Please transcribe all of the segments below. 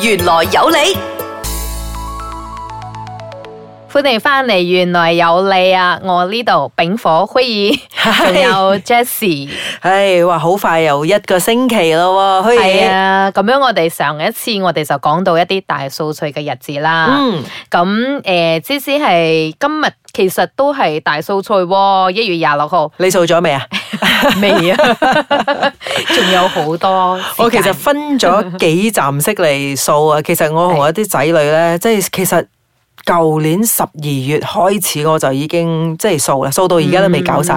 玄來有理，歡迎翻嚟，玄來有理啊，我呢度丙火灰兒，仲有 Jesse，唉，哇，好快又一個星期咯喎。係啊，咁樣我哋上一次我哋就講到一啲大掃除嘅日子啦。嗯，咁誒，即使係今日，其實都係大掃除，一月廿六號，你掃咗未啊？未啊，仲有好多。我其實分咗幾站式嚟掃啊。其實我同我啲仔女咧，即係是 其實舊年十二月開始，我就已經即係掃啦，掃到而家都未搞晒。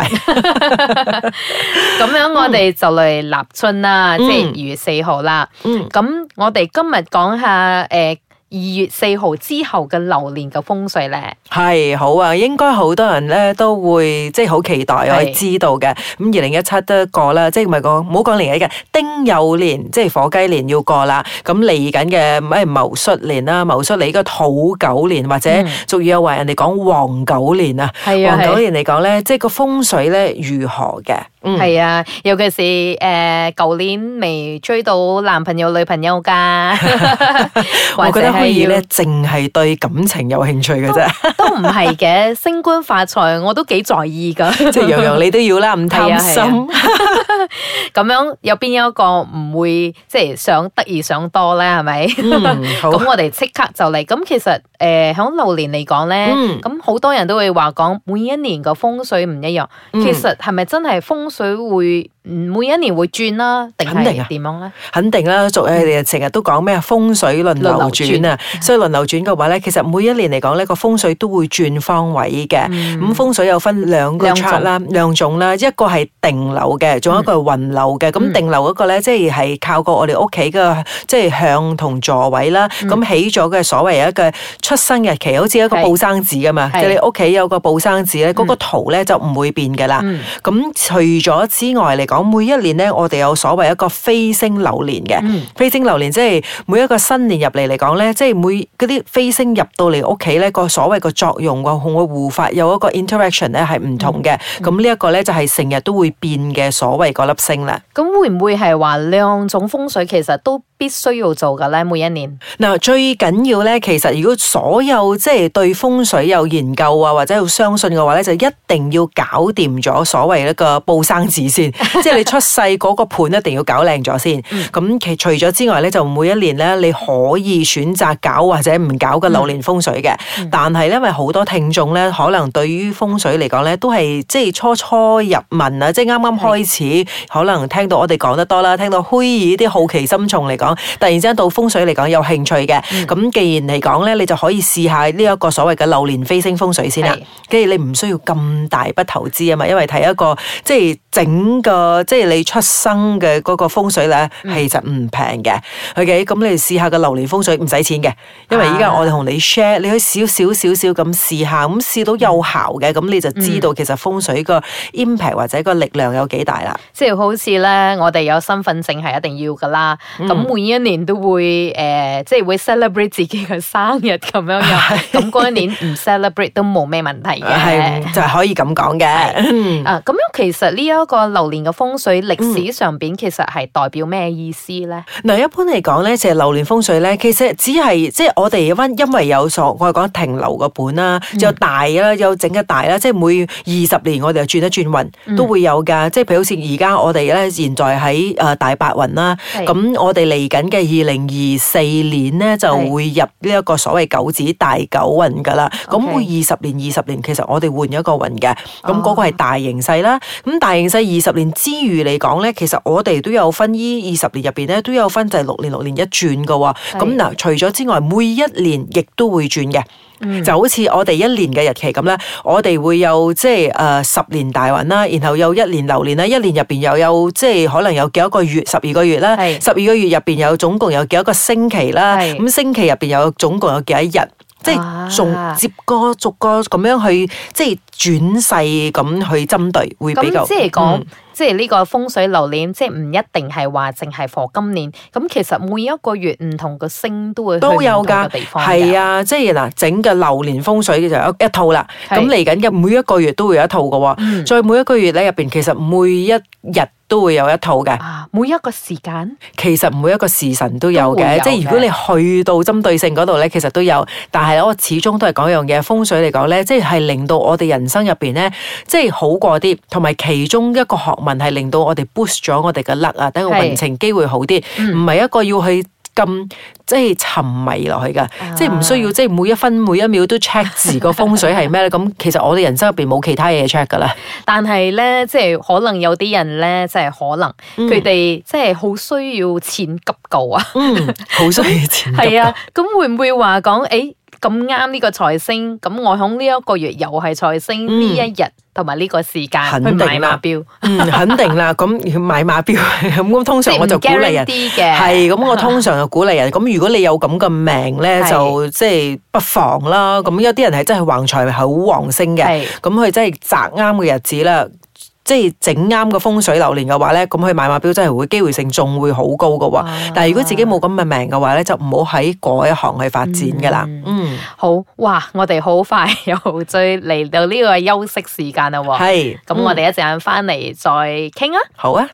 咁樣我哋就嚟立春啦，即係二月四號啦。咁、嗯、我哋今日講下誒。呃二月四號之後嘅流年嘅風水咧，係好啊，應該好多人咧都會即係好期待我哋知道嘅。咁二零一七都過啦，即係唔係講唔好講年紀嘅丁酉年，即係火雞年要過啦。咁嚟緊嘅唔係謀戌年啦，謀戌你個土狗年或者、嗯，仲有話人哋講黃狗年啊，的黃狗年嚟講咧，的即係個風水咧如何嘅？係、嗯、啊，尤其是誒，舊、呃、年未追到男朋友、女朋友噶， 我覺得可以咧，淨係 對感情有興趣嘅啫，都唔係嘅，升 官發財我都幾在意噶，即係樣樣你都要啦，唔貪 貪心、啊，咁、啊、 樣有邊有一個唔會即係、就是、想得意想多咧，係咪、嗯？好，咁我哋即刻就嚟，咁其實。誒，喺流、呃、年嚟講咧，咁好、嗯、多人都會話講每一年嘅風水唔一樣，其實係咪真係風水會？嗯，每一年會轉啦，定係點樣咧？肯定啦，做誒成日都講咩風水輪流轉啊，所以輪流轉嘅話咧，其實每一年嚟講呢個風水都會轉方位嘅。咁風水有分兩個窗啦，兩種啦，一個係定流嘅，仲有一個係運流嘅。咁定流嗰個咧，即係係靠個我哋屋企嘅即係向同座位啦。咁起咗嘅所謂一個出生日期，好似一個報生紙噶嘛。即係你屋企有個報生紙咧，嗰個圖咧就唔會變噶啦。咁除咗之外嚟。講每一年咧，我哋有所謂一個飛星流年嘅，飛星流年即係每一個新年入嚟嚟講咧，即係每嗰啲飛星入到你屋企咧，個所謂個作用同個護法有一個 interaction 咧係唔同嘅，咁呢一個咧就係成日都會變嘅所謂嗰粒星啦。咁會唔會係話兩種風水其實都？必須要做嘅咧，每一年嗱，最緊要咧，其實如果所有即係對風水有研究啊，或者要相信嘅話咧，就一定要搞掂咗所謂一個報生紙先， 即係你出世嗰個盤一定要搞靚咗先。咁其、嗯嗯、除咗之外咧，就每一年咧你可以選擇搞或者唔搞嘅流年風水嘅，嗯嗯、但係因為好多聽眾咧，可能對於風水嚟講咧都係即係初初入民啊，即係啱啱開始，的可能聽到我哋講得多啦，聽到虛擬啲好奇心重嚟講。突然之間到風水嚟講有興趣嘅，咁、嗯、既然嚟講咧，你就可以試下呢一個所謂嘅流年飛星風水先啦。跟住是你唔需要咁大筆投資啊嘛，因為睇一個即係整個即係你出生嘅嗰個風水咧，其實唔平嘅。OK，咁你試下個流年風水唔使錢嘅，因為依家我哋同你 share，你可以少少少少咁試下，咁試到有效嘅，咁、嗯、你就知道其實風水個 impact 或者個力量有幾大啦。嗯、即係好似咧，我哋有身份證係一定要噶啦，咁、嗯每一年都會誒，即係會 celebrate 自己嘅生日咁樣樣，咁嗰一年唔 celebrate 都冇咩問題嘅，就係可以咁講嘅。啊，咁樣其實呢一個流年嘅風水歷史上邊，其實係代表咩意思咧？嗱，一般嚟講咧，就係流年風水咧，其實只係即係我哋溫，因為有所我哋講停留嘅本啦，就大啦，又整得大啦，即係每二十年我哋就轉一轉運都會有㗎。即係譬如好似而家我哋咧，現在喺誒八白運啦，咁我哋嚟緊嘅二零二四年咧，就會入呢一個所謂九子大九運噶啦。咁會二十年、二十年，其實我哋換咗一個運嘅。咁嗰，oh. 個係大形勢啦。咁大形勢二十年之餘嚟講咧，其實我哋都有分依二十年入邊咧，都有分就係六年、六年一轉噶。咁嗱是，除咗之外，每一年亦都會轉嘅。Mm. 就好似我哋一年嘅日期咁咧，我哋會有即係誒十年大運啦，然後有一年流年啦，一年入邊又有即係可能有幾多個月，十二個月啦，十二是個月入邊。邊有總共有幾多個星期啦？咁星期入邊有總共有幾多日？即係逐接個逐個咁樣去，即係轉細咁去針對，會比較即係講，即係呢個風水流年，即係唔一定係話淨係 for 今年。咁其實每一個月唔同個星都會都有噶，係啊，即係嗱，整個流年風水就有一套啦。咁嚟緊嘅每一個月都會有一套噶。在每一個月咧入邊，其實每一日。都會有一套嘅、啊，每一個時間，其實每一個時辰都有嘅，有的即係如果你去到針對性嗰度咧，其實都有。但係我始終都係講一樣嘢，風水嚟講咧，即係令到我哋人生入邊咧，即係好過啲，同埋其中一個學問係令到我哋 boost 咗我哋嘅 luck 啊，等個運程機會好啲，唔係、嗯、一個要去咁。即係沉迷落去噶，即係唔需要即係每一分每一秒都 check 字個風水係咩咧？咁其實我哋人生入邊冇其他嘢 check 噶啦。但係咧，即係可能有啲人咧，即係可能佢哋即係好需要錢急救啊。嗯，好需要錢。係啊，咁會唔會話講誒咁啱呢個財星，咁我響呢一個月又係財星呢一日同埋呢個時間去買馬標？嗯，肯定啦。咁要買馬標，咁通常我就鼓勵啲嘅。係，咁我通常就鼓勵人。咁如如果你有咁嘅命咧，就即係不妨啦。咁有啲人係真係橫財，係好旺星嘅。咁佢真係擇啱嘅日子啦，即係整啱個風水流年嘅話咧，咁佢買馬標真係會機會性仲會好高噶。但係如果自己冇咁嘅命嘅話咧，就唔好喺嗰一行去發展噶啦。嗯，好哇！我哋好快又再嚟到呢個休息時間啦。係，咁我哋一陣間翻嚟再傾啊。好啊。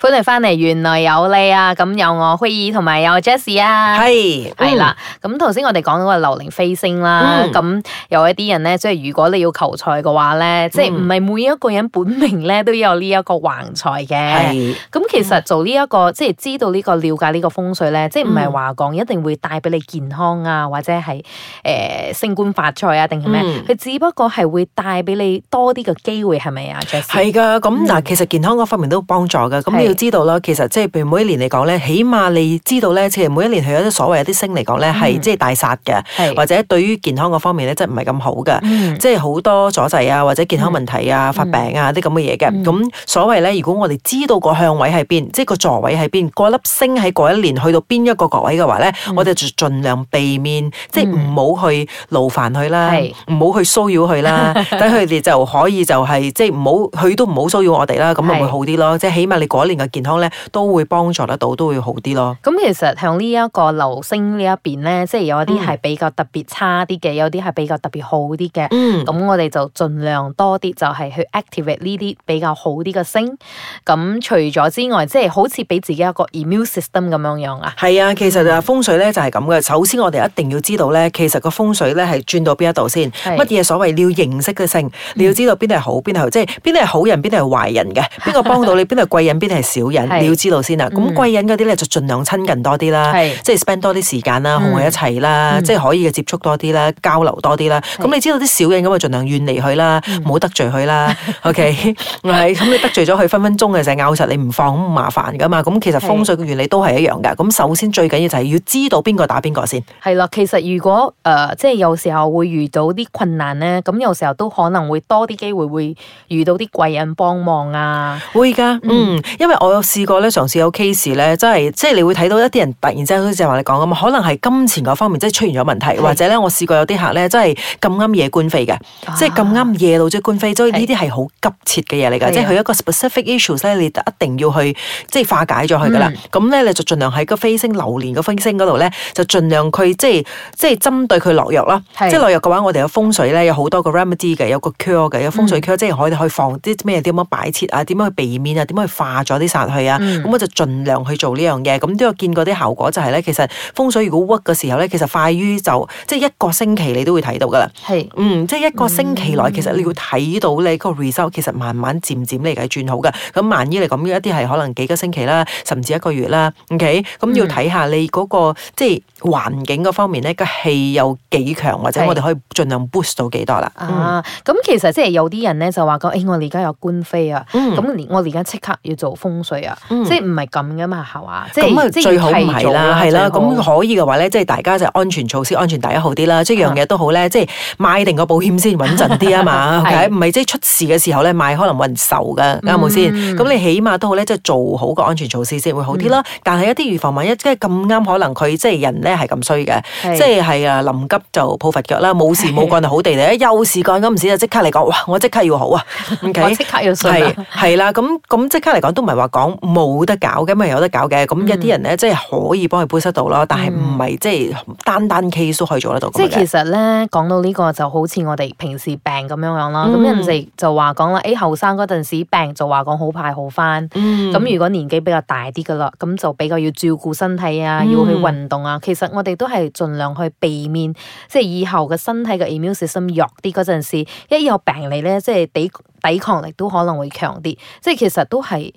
歡迎翻嚟，原來有你啊！咁有我輝爾同埋有 Jesse 啊，係係、嗯、啦。咁頭先我哋講到個流年飛星啦，咁有一啲人咧，即係如果你要求財嘅話咧，嗯、即係唔係每一個人本命咧都有呢一個橫財嘅。咁是其實做呢、這、一個、啊、即係知道呢、這個了解呢個風水咧，即係唔係話講一定會帶俾你健康啊，或者係誒升官發財啊，定係咩？佢、嗯、只不過係會帶俾你多啲嘅機會，係咪啊？Jesse 係噶，咁嗱，其實健康嗰方面都幫助嘅。咁、嗯要知道咯，其實即係譬如每一年嚟講咧，起碼你知道咧，即係每一年係有啲所謂有啲星嚟講咧，係即係大煞嘅，或者對於健康嗰方面咧，嗯、即係唔係咁好嘅，即係好多阻滯啊，或者健康問題啊、嗯、發病啊啲咁嘅嘢嘅。咁、嗯、所謂咧，如果我哋知道個向位喺邊，即係個座位喺邊，個粒星喺嗰一年去到邊一個角位嘅話咧，嗯、我哋就盡量避免，嗯、即係唔好去勞煩佢啦，唔好是去騷擾佢啦，等佢哋就可以就係、是、即係唔好，佢都唔好騷擾我哋啦，咁咪會好啲咯。即係是起碼你嗰年。嘅健康咧，都會幫助得到，都會好啲咯。咁其實向呢一個流星呢一邊咧，即係有啲係比較特別差啲嘅，嗯、有啲係比較特別好啲嘅。咁、嗯、我哋就盡量多啲，就係去 activate 呢啲比較好啲嘅星。咁除咗之外，即係好似俾自己一個 immune system 咁樣樣啊。係啊，其實啊，風水咧就係咁嘅。嗯、首先我哋一定要知道咧，其實個風水咧係轉到邊一度先。乜嘢是所謂你要認識嘅星，嗯、你要知道邊啲係好，邊啲係即係邊啲係好人，邊啲係壞人嘅。邊個幫到你？邊係 貴人？邊係？小人你要知道先啦，咁貴人嗰啲咧就盡量親近多啲啦，即係 spend 多啲時間啦，同佢一齊啦，即係可以嘅接觸多啲啦，交流多啲啦。咁你知道啲小人咁啊，盡量遠離佢啦，唔好得罪佢啦。OK，係咁你得罪咗佢，分分鐘嘅就咬實你唔放，咁麻煩噶嘛。咁其實風水嘅原理都係一樣噶。咁首先最緊要就係要知道邊個打邊個先。係啦，其實如果誒，即係有時候會遇到啲困難咧，咁有時候都可能會多啲機會會遇到啲貴人幫忙啊，會噶，嗯，因為。我有試過咧，嘗試有 case 咧，真係即係你會睇到一啲人突然之間好似話你講咁，可能係金錢嗰方面即係出現咗問題，是或者咧，我試過有啲客咧，即係咁啱夜官非嘅，即係咁啱夜到追官非，是所以呢啲係好急切嘅嘢嚟㗎。是的即係佢一個 specific issues 咧，你一定要去即係化解咗佢㗎啦。咁咧、嗯、你就盡量喺個飛星流年個飛星嗰度咧，就盡量佢即係即係針對佢落藥啦。的即係落藥嘅話，我哋有風水咧有好多個 remedy 嘅，有個 cure 嘅，有風水 cure、嗯、即係可以可以防啲咩，點樣擺設啊，點樣去避免啊，點樣去化咗啲。殺去啊！咁、嗯、我就盡量去做呢樣嘢，咁都有見過啲效果，就係、是、咧，其實風水如果 work 嘅時候咧，其實快於就即係一個星期你都會睇到噶啦。係是，嗯，即係一個星期內，嗯、其實你要睇到你個 result 其實慢慢漸漸嚟嘅轉好㗎。咁萬一嚟講一啲係可能幾個星期啦，甚至一個月啦，OK，咁要睇下你嗰、那個、嗯、即係環境嗰方面咧，個氣有幾強，或者我哋可以盡量 boost 到幾多啦。咁、啊嗯、其實即係有啲人咧就話講、欸，我哋而家有官飛啊，咁、嗯、我哋而家即刻要做風。風水啊，即係唔係咁噶嘛，係嘛，即係最好唔係啦，係啦，咁可以嘅話咧，即係大家就安全措施安全第一好啲啦，即係樣嘢都好咧，即係買定個保險先穩陣啲啊嘛，唔係即係出事嘅時候咧買可能運籌噶，啱冇先，咁你起碼都好咧，即係做好個安全措施先會好啲啦。但係一啲預防萬一，即係咁啱可能佢即係人咧係咁衰嘅，即係係啊臨急就抱佛腳啦，冇事冇幹就好地地啊，有事幹咁唔少就即刻嚟講，哇我即刻要好啊，我即刻要係係啦，咁咁即刻嚟講都唔係。話講冇得搞嘅，咪有得搞嘅，咁一啲人咧、嗯、即係可以幫佢 push 到啦，但係唔係即係單單 case 可以做得到。即係其實咧，講到呢、呢個就好似我哋平時病咁樣樣啦。咁、嗯、人哋就話講啦，誒，後生嗰陣時病就話講好快好翻。咁、嗯、如果年紀比較大啲噶啦，咁就比較要照顧身體啊，嗯、要去運動啊。其實我哋都係盡量去避免，即係以後嘅身體嘅 immune system 弱啲嗰陣時，一有病嚟咧，即係抵抗力都可能會強啲，即係其實都係誒、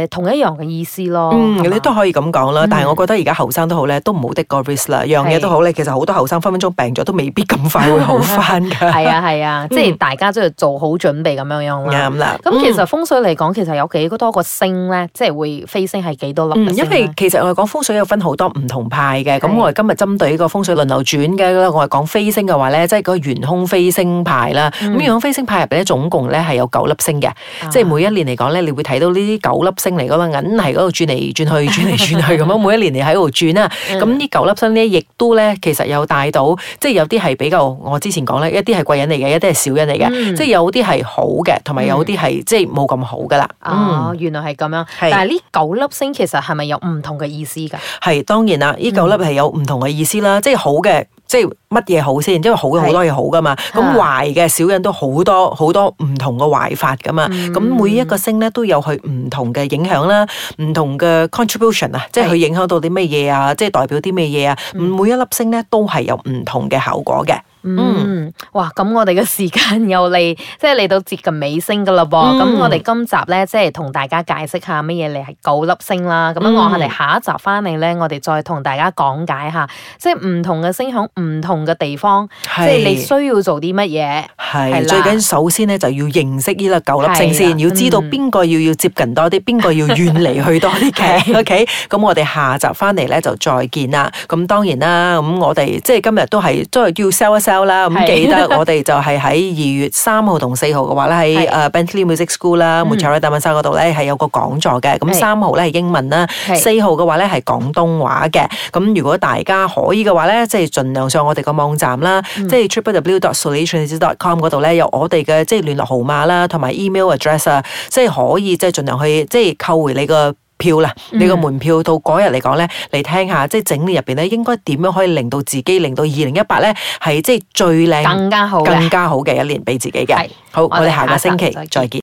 呃、同一樣嘅意思咯。嗯、有你都可以咁講啦。嗯、但係我覺得而家後生都好咧，都唔是好的個 risk 啦。樣嘢都好咧，其實好多後生分分鐘病咗都未必咁快會好翻㗎。係啊， 係啊，是嗯、即係大家都要做好準備咁樣樣啦。啱啦了。咁、嗯、其實風水嚟講，其實有幾多個星咧，即係會飛星係幾多粒、嗯？因為其實我哋講風水有分好多唔同派嘅。咁是我哋今日針對呢個風水輪流轉嘅我哋講飛星嘅話咧，即係嗰個玄空飛星派啦。咁玄空飛星派入邊咧，仲～總共咧係有九粒星嘅，即係每一年嚟講咧，你會睇到呢啲九粒星嚟嗰個銀係嗰度轉嚟轉去轉嚟轉去咁樣！每一年嚟喺度轉啊，咁呢 九粒星咧，亦都咧其實有帶到，即係有啲係比較我之前講咧，一啲係貴人嚟嘅，一啲係小人嚟嘅，嗯、即係有啲係好嘅，同埋有啲係即係冇咁好噶啦。哦，嗯、原來係咁樣，是但係呢九粒星其實係咪有唔同嘅意思噶？係，當然啦，呢九粒係有唔同嘅意思啦，嗯、即係好嘅。即係乜嘢好先？因為好嘅好多嘢好噶嘛，咁、啊、壞嘅小人都好多好多唔同嘅壞法噶嘛。咁、嗯、每一個星咧都有佢唔同嘅影響啦，唔、嗯、同嘅 contribution 啊，即係佢影響到啲乜嘢啊，即係代表啲乜嘢啊。嗯、每一粒星咧都係有唔同嘅效果嘅。Mm. 嗯，哇！咁我哋嘅時間又嚟，即係嚟到接近尾聲噶啦噃。咁、mm. 我哋今集咧，即係同大家解釋下乜嘢嚟係九粒星啦。咁、mm. 我哋下一集翻嚟咧，我哋再同大家講解下，即係唔同嘅星響唔同嘅地方，是即係你需要做啲乜嘢。係是啦最緊首先咧，就要認識呢個九粒星先，的嗯、要知道邊個要要接近多啲，邊個要遠離去多啲嘅。O K，咁我哋下集翻嚟咧就再見啦。咁當然啦，咁我哋即係今日都係都係要 sell 一 sell。啦，咁記得我哋就係喺二月三號同四號嘅話咧，喺誒 Bentley Music School 啦，Mutiara Damansara 嗰度咧係有個講座嘅。咁三號咧係英文啦，四號嘅話咧係廣東話嘅。咁如果大家可以嘅話咧，即係盡量上我哋個網站啦，嗯、即係 triplew.solutions.com 嗰度咧有我哋嘅即係聯絡號碼啦，同埋 email address 啊，即係可以即係盡量去即係扣回你個票啦，你個門票到日嚟講咧，嚟、嗯、哼聽下，即係整年入邊咧，應該點樣可以令到自己，令到二零一八咧係即係最靚、更加好嘅、更加好嘅一年俾自己嘅。是好，我哋下個星期再見。